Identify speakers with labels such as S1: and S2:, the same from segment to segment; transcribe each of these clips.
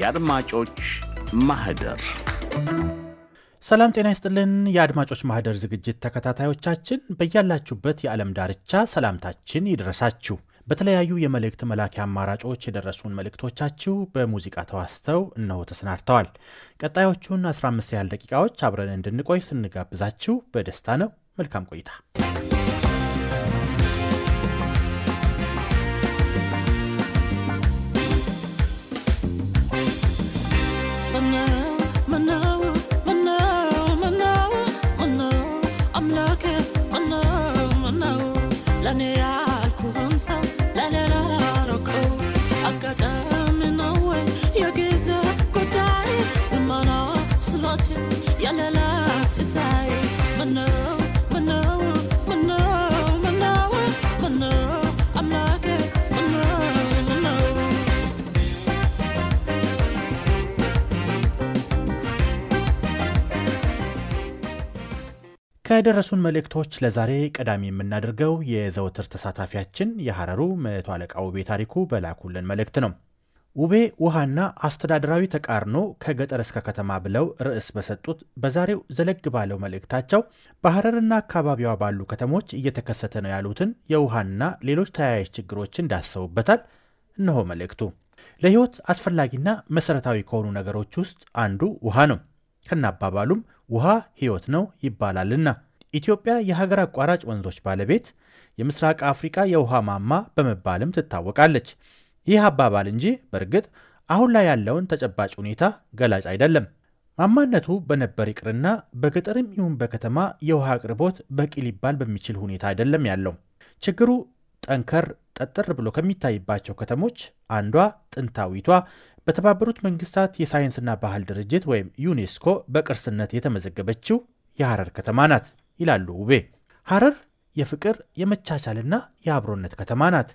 S1: የአድማጮች ማህደር ሰላም ጤና ይስጥልን። የአድማጮች ማህደር ዝግጅት ተከታታዮቻችን በያላችሁበት የዓለም ዳርቻ ሰላምታችን ይድረሳችሁ። በተለያዩ የመልእክት መላኪያ አማራጮች የደረሱን መልእክቶቻችሁ በሙዚቃ ተዋስተው እነሆ ተሰናድተዋል። ቀጣዮቹን 15 ያህል ደቂቃዎች አብረን እንድንቆይ ስንጋብዛችሁ በደስታ ነው። መልካም ቆይታ። ከደረሱን መልእክቶች ለዛሬ ቀዳሚ የምናደርገው የዘወትር ተሳታፊያችን የሐረሩ መቶ አለቃ ውቤ ታሪኩ በላኩልን መልእክት ነው። ውቤ ውሃና አስተዳደራዊ ተቃርኖ ከገጠር እስከ ከተማ ብለው ርዕስ በሰጡት በዛሬው ዘለግ ባለው መልእክታቸው በሐረርና አካባቢዋ ባሉ ከተሞች እየተከሰተ ነው ያሉትን የውሃና ሌሎች ተያያዥ ችግሮችን ዳሰውበታል። እነሆ መልእክቱ። ለሕይወት አስፈላጊና መሠረታዊ ከሆኑ ነገሮች ውስጥ አንዱ ውሃ ነው። ከናባባሉም ውሃ ሕይወት ነው ይባላልና ኢትዮጵያ የሀገር አቋራጭ ወንዞች ባለቤት፣ የምስራቅ አፍሪካ የውሃ ማማ በመባልም ትታወቃለች። ይህ አባባል እንጂ በእርግጥ አሁን ላይ ያለውን ተጨባጭ ሁኔታ ገላጭ አይደለም። ማማነቱ በነበር ይቅርና በገጠርም ይሁን በከተማ የውሃ አቅርቦት በቂ ሊባል በሚችል ሁኔታ አይደለም ያለው። ችግሩ ጠንከር ጠጠር ብሎ ከሚታይባቸው ከተሞች አንዷ ጥንታዊቷ በተባበሩት መንግስታት የሳይንስና ባህል ድርጅት ወይም ዩኔስኮ በቅርስነት የተመዘገበችው የሐረር ከተማ ናት። ይላሉ ውቤ። ሐረር የፍቅር የመቻቻልና የአብሮነት ከተማ ናት።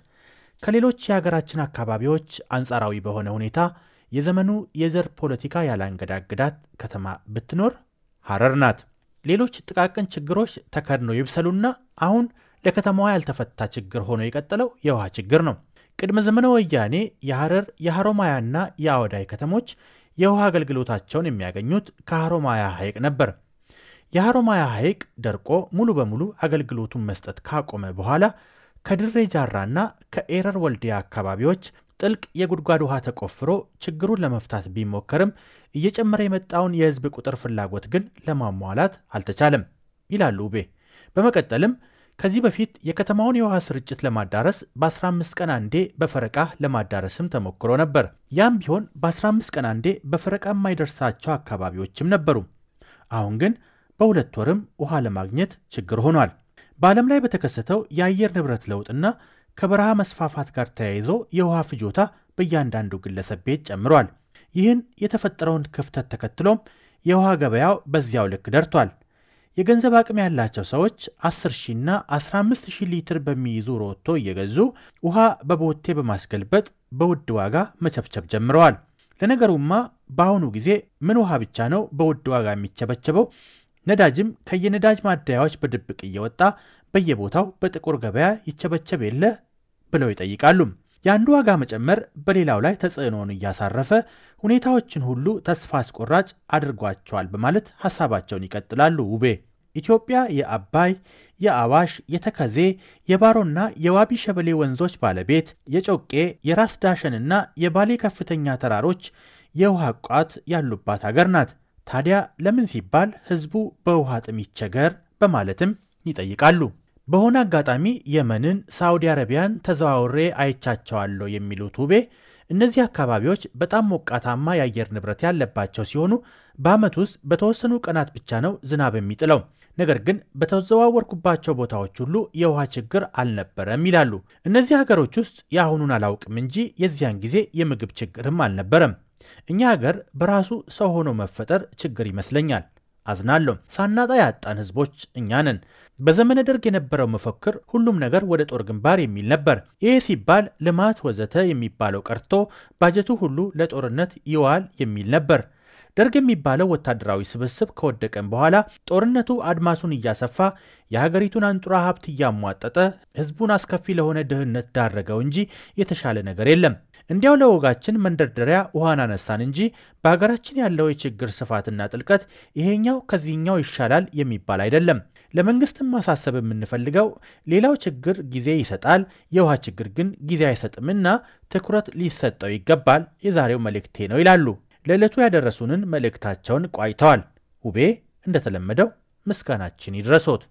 S1: ከሌሎች የሀገራችን አካባቢዎች አንጻራዊ በሆነ ሁኔታ የዘመኑ የዘር ፖለቲካ ያላንገዳግዳት ከተማ ብትኖር ሐረር ናት። ሌሎች ጥቃቅን ችግሮች ተከድነው ይብሰሉና አሁን ለከተማዋ ያልተፈታ ችግር ሆኖ የቀጠለው የውሃ ችግር ነው። ቅድመ ዘመነ ወያኔ የሐረር የሐሮማያና የአወዳይ ከተሞች የውሃ አገልግሎታቸውን የሚያገኙት ከሐሮማያ ሐይቅ ነበር። የሐሮማያ ሐይቅ ደርቆ ሙሉ በሙሉ አገልግሎቱን መስጠት ካቆመ በኋላ ከድሬ ጃራና ከኤረር ወልዲያ አካባቢዎች ጥልቅ የጉድጓድ ውሃ ተቆፍሮ ችግሩን ለመፍታት ቢሞከርም እየጨመረ የመጣውን የህዝብ ቁጥር ፍላጎት ግን ለማሟላት አልተቻለም ይላሉ ውቤ። በመቀጠልም ከዚህ በፊት የከተማውን የውሃ ስርጭት ለማዳረስ በ15 ቀን አንዴ በፈረቃ ለማዳረስም ተሞክሮ ነበር። ያም ቢሆን በ15 ቀን አንዴ በፈረቃ የማይደርሳቸው አካባቢዎችም ነበሩ። አሁን ግን በሁለት ወርም ውሃ ለማግኘት ችግር ሆኗል። በዓለም ላይ በተከሰተው የአየር ንብረት ለውጥና ከበረሃ መስፋፋት ጋር ተያይዞ የውሃ ፍጆታ በእያንዳንዱ ግለሰብ ቤት ጨምሯል። ይህን የተፈጠረውን ክፍተት ተከትሎም የውሃ ገበያው በዚያው ልክ ደርቷል። የገንዘብ አቅም ያላቸው ሰዎች 10ሺና 15000 ሊትር በሚይዙ ሮቶ እየገዙ ውሃ በቦቴ በማስገልበጥ በውድ ዋጋ መቸብቸብ ጀምረዋል። ለነገሩማ በአሁኑ ጊዜ ምን ውሃ ብቻ ነው በውድ ዋጋ የሚቸበቸበው? ነዳጅም ከየነዳጅ ማደያዎች በድብቅ እየወጣ በየቦታው በጥቁር ገበያ ይቸበቸብ የለ ብለው ይጠይቃሉ። የአንዱ ዋጋ መጨመር በሌላው ላይ ተጽዕኖውን እያሳረፈ ሁኔታዎችን ሁሉ ተስፋ አስቆራጭ አድርጓቸዋል በማለት ሀሳባቸውን ይቀጥላሉ ውቤ። ኢትዮጵያ የአባይ፣ የአዋሽ፣ የተከዜ፣ የባሮና የዋቢ ሸበሌ ወንዞች ባለቤት፣ የጮቄ፣ የራስ ዳሸንና የባሌ ከፍተኛ ተራሮች የውሃ ቋት ያሉባት ሀገር ናት። ታዲያ ለምን ሲባል ህዝቡ በውሃ ጥም ይቸገር በማለትም ይጠይቃሉ። በሆነ አጋጣሚ የመንን፣ ሳዑዲ አረቢያን ተዘዋውሬ አይቻቸዋለሁ የሚሉት ውቤ እነዚህ አካባቢዎች በጣም ሞቃታማ የአየር ንብረት ያለባቸው ሲሆኑ በዓመት ውስጥ በተወሰኑ ቀናት ብቻ ነው ዝናብ የሚጥለው። ነገር ግን በተዘዋወርኩባቸው ቦታዎች ሁሉ የውሃ ችግር አልነበረም ይላሉ። እነዚህ ሀገሮች ውስጥ የአሁኑን አላውቅም እንጂ የዚያን ጊዜ የምግብ ችግርም አልነበረም። እኛ ሀገር በራሱ ሰው ሆኖ መፈጠር ችግር ይመስለኛል። አዝናለሁ። ሳናጣ ያጣን ህዝቦች እኛ ነን። በዘመነ ደርግ የነበረው መፈክር ሁሉም ነገር ወደ ጦር ግንባር የሚል ነበር። ይህ ሲባል ልማት ወዘተ የሚባለው ቀርቶ ባጀቱ ሁሉ ለጦርነት ይዋል የሚል ነበር። ደርግ የሚባለው ወታደራዊ ስብስብ ከወደቀን በኋላ ጦርነቱ አድማሱን እያሰፋ የሀገሪቱን አንጡራ ሀብት እያሟጠጠ ህዝቡን አስከፊ ለሆነ ድህነት ዳረገው እንጂ የተሻለ ነገር የለም። እንዲያው ለወጋችን መንደርደሪያ ውሃን አነሳን እንጂ በሀገራችን ያለው የችግር ስፋትና ጥልቀት ይሄኛው ከዚህኛው ይሻላል የሚባል አይደለም። ለመንግስትም ማሳሰብ የምንፈልገው ሌላው ችግር ጊዜ ይሰጣል፣ የውሃ ችግር ግን ጊዜ አይሰጥምና ትኩረት ሊሰጠው ይገባል የዛሬው መልእክቴ ነው ይላሉ። ለዕለቱ ያደረሱንን መልእክታቸውን ቋጭተዋል። ውቤ እንደተለመደው ምስጋናችን ይድረሶት።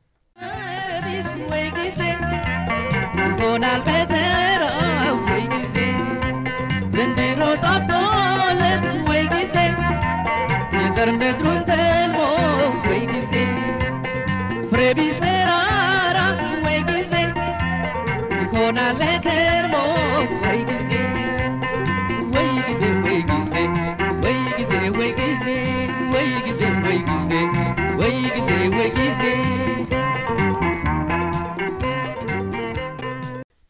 S2: ዘንድሮ ጣቦለት ወይ ጊዜ የዘር ምድሩን ተልሞ ወይ ጊዜ ፍሬ ቢስ መራራ ወይ ጊዜ ይሆናል ከርሞ ወይ ጊዜ ወይ ጊዜ ወይ ጊዜ ወይ ጊዜ ወይ ጊዜ ወይ ጊዜ ወይ ጊዜ ወይ ጊዜ ወይ ጊዜ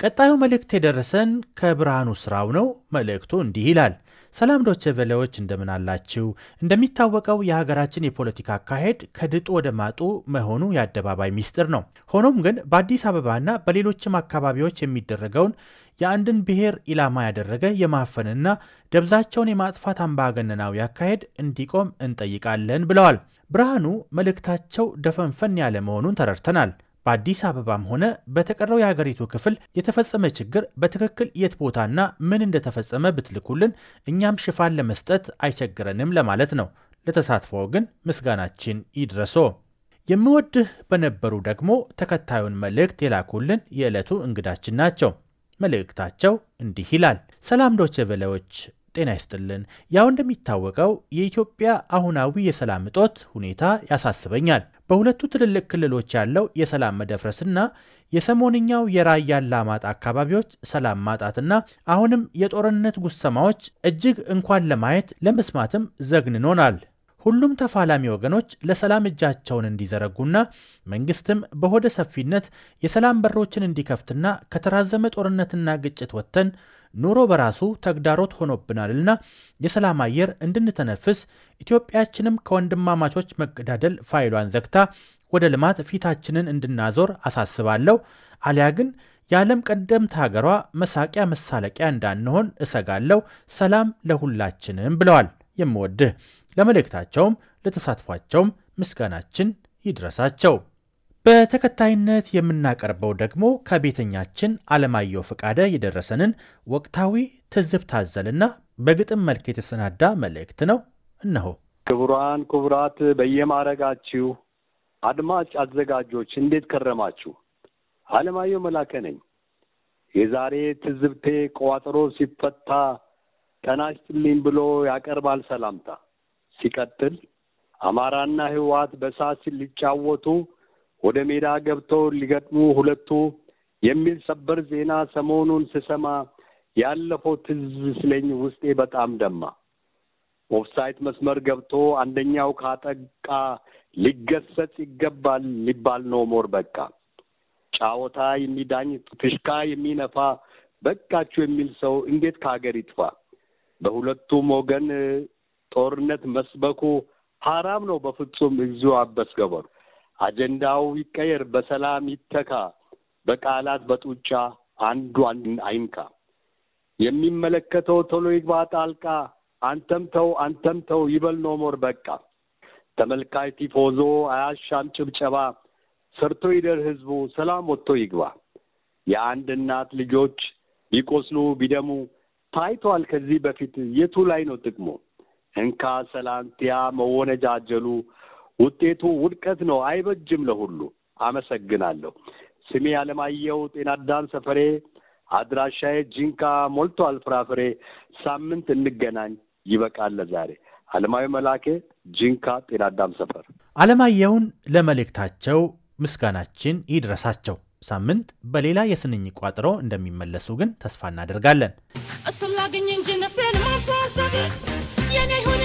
S1: ቀጣዩ መልእክት የደረሰን ከብርሃኑ ስራው ነው። መልእክቱ እንዲህ ይላል። ሰላም ዶቼ ቬሌዎች እንደምን አላችሁ? እንደሚታወቀው የሀገራችን የፖለቲካ አካሄድ ከድጡ ወደ ማጡ መሆኑ የአደባባይ ሚስጥር ነው። ሆኖም ግን በአዲስ አበባና በሌሎችም አካባቢዎች የሚደረገውን የአንድን ብሔር ኢላማ ያደረገ የማፈንና ደብዛቸውን የማጥፋት አምባገነናዊ አካሄድ እንዲቆም እንጠይቃለን ብለዋል። ብርሃኑ መልእክታቸው ደፈንፈን ያለ መሆኑን ተረድተናል። በአዲስ አበባም ሆነ በተቀረው የሀገሪቱ ክፍል የተፈጸመ ችግር በትክክል የት ቦታና ምን እንደተፈጸመ ብትልኩልን እኛም ሽፋን ለመስጠት አይቸግረንም ለማለት ነው። ለተሳትፎ ግን ምስጋናችን ይድረሶ። የምወድህ በነበሩ ደግሞ ተከታዩን መልእክት የላኩልን የዕለቱ እንግዳችን ናቸው። መልእክታቸው እንዲህ ይላል። ሰላም ዶቼ ቬለዎች ጤና ይስጥልን። ያው እንደሚታወቀው የኢትዮጵያ አሁናዊ የሰላም እጦት ሁኔታ ያሳስበኛል። በሁለቱ ትልልቅ ክልሎች ያለው የሰላም መደፍረስና የሰሞንኛው የራያ አላማጣ አካባቢዎች ሰላም ማጣትና አሁንም የጦርነት ጉሰማዎች እጅግ እንኳን ለማየት ለመስማትም ዘግንኖናል። ሁሉም ተፋላሚ ወገኖች ለሰላም እጃቸውን እንዲዘረጉና መንግስትም በሆደ ሰፊነት የሰላም በሮችን እንዲከፍትና ከተራዘመ ጦርነትና ግጭት ወጥተን ኑሮ በራሱ ተግዳሮት ሆኖብናልና የሰላም አየር እንድንተነፍስ ኢትዮጵያችንም ከወንድማማቾች መገዳደል ፋይሏን ዘግታ ወደ ልማት ፊታችንን እንድናዞር አሳስባለሁ። አሊያ ግን የዓለም ቀደምት ሀገሯ መሳቂያ መሳለቂያ እንዳንሆን እሰጋለሁ። ሰላም ለሁላችንም ብለዋል። የምወድህ ለመልእክታቸውም ለተሳትፏቸውም ምስጋናችን ይድረሳቸው። በተከታይነት የምናቀርበው ደግሞ ከቤተኛችን አለማየሁ ፈቃደ የደረሰንን ወቅታዊ ትዝብ ታዘልና በግጥም መልክ የተሰናዳ መልእክት ነው። እነሆ።
S3: ክቡራን ክቡራት፣ በየማዕረጋችሁ አድማጭ አዘጋጆች እንዴት ከረማችሁ? አለማየሁ መላከ ነኝ። የዛሬ ትዝብቴ ቋጠሮ ሲፈታ ተናሽትልኝ ብሎ ያቀርባል ሰላምታ። ሲቀጥል አማራና ህወሓት በሳት ሊጫወቱ ወደ ሜዳ ገብተው ሊገጥሙ ሁለቱ የሚል ሰበር ዜና ሰሞኑን ስሰማ ያለፈው ትዝ ስለኝ ውስጤ በጣም ደማ። ኦፍሳይት መስመር ገብቶ አንደኛው ካጠቃ ሊገሰጽ ይገባል ሊባል ነው። ሞር በቃ ጫወታ የሚዳኝ ትሽካ የሚነፋ በቃችሁ የሚል ሰው እንዴት ከሀገር ይጥፋ? በሁለቱም ወገን ጦርነት መስበኩ ሀራም ነው በፍጹም። እግዚኦ አበስ ገበሩ አጀንዳው ይቀየር፣ በሰላም ይተካ፣ በቃላት በጡጫ አንዱ አይንካ። የሚመለከተው ቶሎ ይግባ ጣልቃ፣ አንተም ተው አንተም ተው ይበል ኖ ሞር በቃ። ተመልካች ቲፎዞ አያሻም ጭብጨባ፣ ሰርቶ ይደር ህዝቡ ሰላም ወጥቶ ይግባ። የአንድ እናት ልጆች ቢቆስሉ ቢደሙ ታይቷል ከዚህ በፊት የቱ ላይ ነው ጥቅሙ? እንካ ሰላንቲያ መወነጃጀሉ ውጤቱ ውድቀት ነው፣ አይበጅም ለሁሉ። አመሰግናለሁ። ስሜ አለማየሁ ጤናዳም ሰፈሬ፣ አድራሻዬ ጂንካ ሞልቷል ፍራፍሬ። ሳምንት እንገናኝ። ይበቃል ለዛሬ። አለማዊ መላኬ ጂንካ ጤናዳም ሰፈር።
S1: አለማየሁን ለመልእክታቸው ምስጋናችን ይድረሳቸው። ሳምንት በሌላ የስንኝ ቋጥሮ እንደሚመለሱ ግን ተስፋ እናደርጋለን።
S2: እሱን ላገኝ እንጂ ነፍሴን ማሳሰብ የኔ ሆነ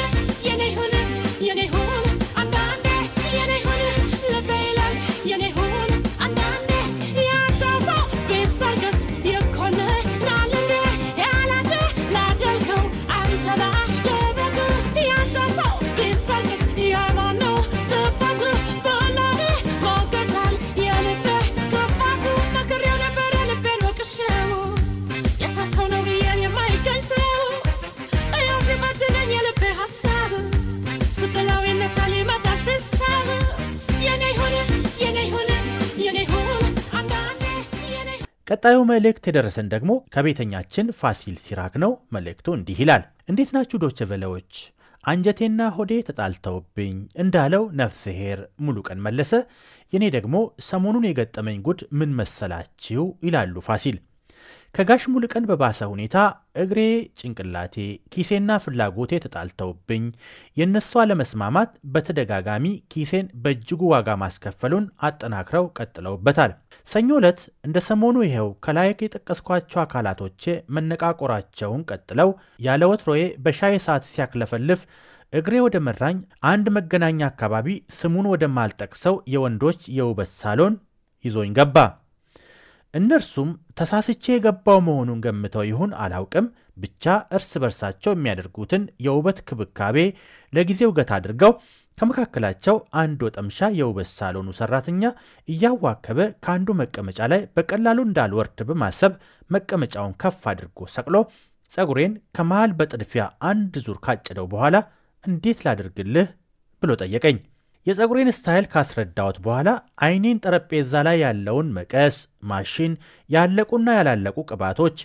S1: ቀጣዩ መልእክት የደረሰን ደግሞ ከቤተኛችን ፋሲል ሲራክ ነው። መልእክቱ እንዲህ ይላል። እንዴት ናችሁ ዶቸቨለዎች? አንጀቴና ሆዴ ተጣልተውብኝ እንዳለው ነፍስ ሄር ሙሉቀን መለሰ። የእኔ ደግሞ ሰሞኑን የገጠመኝ ጉድ ምን መሰላችሁ ይላሉ ፋሲል ከጋሽ ሙሉቀን በባሰ ሁኔታ እግሬ፣ ጭንቅላቴ፣ ኪሴና ፍላጎቴ ተጣልተውብኝ የእነሱ አለመስማማት በተደጋጋሚ ኪሴን በእጅጉ ዋጋ ማስከፈሉን አጠናክረው ቀጥለውበታል። ሰኞ ዕለት እንደ ሰሞኑ ይኸው ከላይ የጠቀስኳቸው አካላቶቼ መነቃቆራቸውን ቀጥለው ያለ ወትሮዬ በሻይ ሰዓት ሲያክለፈልፍ እግሬ ወደ መራኝ አንድ መገናኛ አካባቢ ስሙን ወደማልጠቅሰው የወንዶች የውበት ሳሎን ይዞኝ ገባ። እነርሱም ተሳስቼ የገባው መሆኑን ገምተው ይሁን አላውቅም፣ ብቻ እርስ በርሳቸው የሚያደርጉትን የውበት ክብካቤ ለጊዜው ገታ አድርገው ከመካከላቸው አንድ ወጠምሻ የውበት ሳሎኑ ሰራተኛ እያዋከበ ከአንዱ መቀመጫ ላይ በቀላሉ እንዳልወርድ በማሰብ መቀመጫውን ከፍ አድርጎ ሰቅሎ ጸጉሬን ከመሃል በጥድፊያ አንድ ዙር ካጭደው በኋላ እንዴት ላድርግልህ ብሎ ጠየቀኝ። የፀጉሬን ስታይል ካስረዳሁት በኋላ አይኔን ጠረጴዛ ላይ ያለውን መቀስ፣ ማሽን፣ ያለቁና ያላለቁ ቅባቶች፣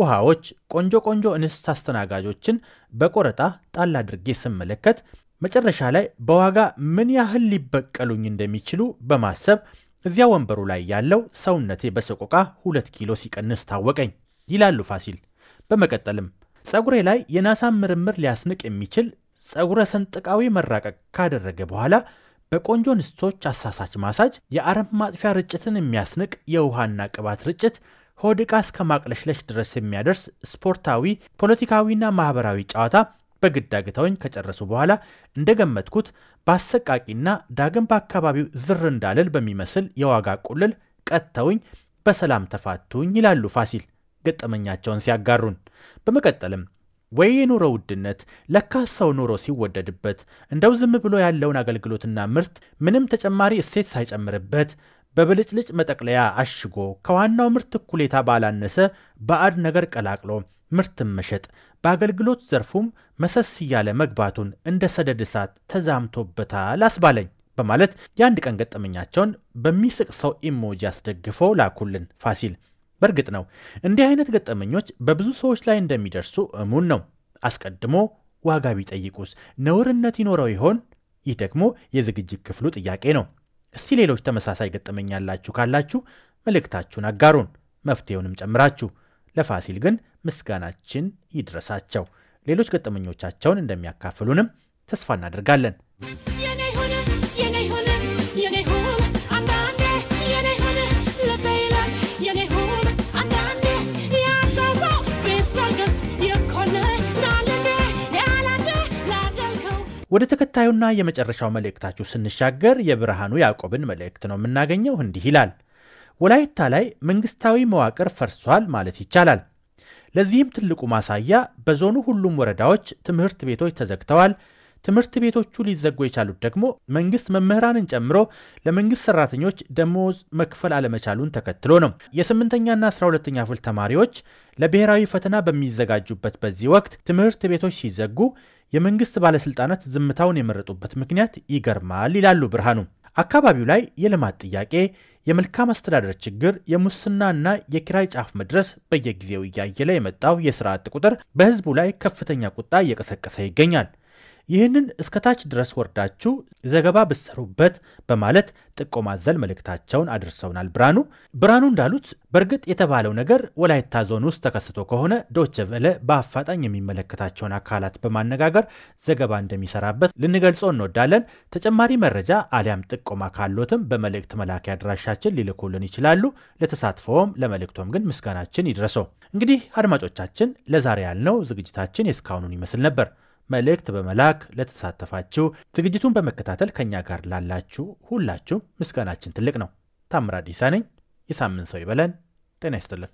S1: ውሃዎች፣ ቆንጆ ቆንጆ እንስት አስተናጋጆችን በቆረጣ ጣል አድርጌ ስመለከት መጨረሻ ላይ በዋጋ ምን ያህል ሊበቀሉኝ እንደሚችሉ በማሰብ እዚያ ወንበሩ ላይ ያለው ሰውነቴ በሰቆቃ ሁለት ኪሎ ሲቀንስ ታወቀኝ ይላሉ ፋሲል። በመቀጠልም ፀጉሬ ላይ የናሳን ምርምር ሊያስንቅ የሚችል ፀጉረ ሰንጥቃዊ መራቀቅ ካደረገ በኋላ በቆንጆ ንስቶች አሳሳች ማሳጅ የአረም ማጥፊያ ርጭትን የሚያስንቅ የውሃና ቅባት ርጭት ሆድ ዕቃ እስከ ማቅለሽለሽ ድረስ የሚያደርስ ስፖርታዊ፣ ፖለቲካዊና ማህበራዊ ጨዋታ በግዳግታውን ከጨረሱ በኋላ እንደገመትኩት በአሰቃቂና ዳግም በአካባቢው ዝር እንዳልል በሚመስል የዋጋ ቁልል ቀጥተውኝ በሰላም ተፋቱኝ ይላሉ ፋሲል ገጠመኛቸውን ሲያጋሩን። በመቀጠልም ወይ የኑሮ ውድነት! ለካስ ሰው ኑሮ ሲወደድበት እንደው ዝም ብሎ ያለውን አገልግሎትና ምርት ምንም ተጨማሪ እሴት ሳይጨምርበት በብልጭልጭ መጠቅለያ አሽጎ ከዋናው ምርት እኩሌታ ባላነሰ በአድ ነገር ቀላቅሎ ምርትን መሸጥ በአገልግሎት ዘርፉም መሰስ እያለ መግባቱን እንደ ሰደድ እሳት ተዛምቶበታል አስባለኝ በማለት የአንድ ቀን ገጠመኛቸውን በሚስቅ ሰው ኢሞጂ አስደግፈው ላኩልን ፋሲል። በእርግጥ ነው እንዲህ አይነት ገጠመኞች በብዙ ሰዎች ላይ እንደሚደርሱ እሙን ነው። አስቀድሞ ዋጋ ቢጠይቁስ ነውርነት ይኖረው ይሆን? ይህ ደግሞ የዝግጅት ክፍሉ ጥያቄ ነው። እስቲ ሌሎች ተመሳሳይ ገጠመኛላችሁ ካላችሁ መልእክታችሁን አጋሩን፣ መፍትሄውንም ጨምራችሁ። ለፋሲል ግን ምስጋናችን ይድረሳቸው። ሌሎች ገጠመኞቻቸውን እንደሚያካፍሉንም ተስፋ እናደርጋለን። ወደ ተከታዩና የመጨረሻው መልእክታችሁ ስንሻገር የብርሃኑ ያዕቆብን መልእክት ነው የምናገኘው። እንዲህ ይላል። ወላይታ ላይ መንግስታዊ መዋቅር ፈርሷል ማለት ይቻላል። ለዚህም ትልቁ ማሳያ በዞኑ ሁሉም ወረዳዎች ትምህርት ቤቶች ተዘግተዋል፣ ትምህርት ቤቶቹ ሊዘጉ የቻሉት ደግሞ መንግስት መምህራንን ጨምሮ ለመንግስት ሰራተኞች ደሞዝ መክፈል አለመቻሉን ተከትሎ ነው። የስምንተኛና አስራ ሁለተኛ ክፍል ተማሪዎች ለብሔራዊ ፈተና በሚዘጋጁበት በዚህ ወቅት ትምህርት ቤቶች ሲዘጉ የመንግስት ባለስልጣናት ዝምታውን የመረጡበት ምክንያት ይገርማል ይላሉ ብርሃኑ። አካባቢው ላይ የልማት ጥያቄ፣ የመልካም አስተዳደር ችግር፣ የሙስናና የኪራይ ጫፍ መድረስ በየጊዜው እያየለ የመጣው የስራ አጥ ቁጥር በህዝቡ ላይ ከፍተኛ ቁጣ እየቀሰቀሰ ይገኛል። ይህንን እስከታች ድረስ ወርዳችሁ ዘገባ ብሰሩበት በማለት ጥቆማ ዘል መልእክታቸውን አድርሰውናል። ብራኑ ብራኑ እንዳሉት በእርግጥ የተባለው ነገር ወላይታ ዞን ውስጥ ተከስቶ ከሆነ ዶቼ ቬለ በአፋጣኝ የሚመለከታቸውን አካላት በማነጋገር ዘገባ እንደሚሰራበት ልንገልጾ እንወዳለን። ተጨማሪ መረጃ አሊያም ጥቆማ ካሎትም በመልእክት መላኪያ አድራሻችን ሊልኩልን ይችላሉ። ለተሳትፎም ለመልእክቶም ግን ምስጋናችን ይድረሰው። እንግዲህ አድማጮቻችን ለዛሬ ያልነው ዝግጅታችን የእስካሁኑን ይመስል ነበር። መልእክት በመላክ ለተሳተፋችሁ፣ ዝግጅቱን በመከታተል ከእኛ ጋር ላላችሁ ሁላችሁም ምስጋናችን ትልቅ ነው። ታምራ ዲሳ ነኝ። የሳምንት ሰው ይበለን። ጤና ይስጥልን።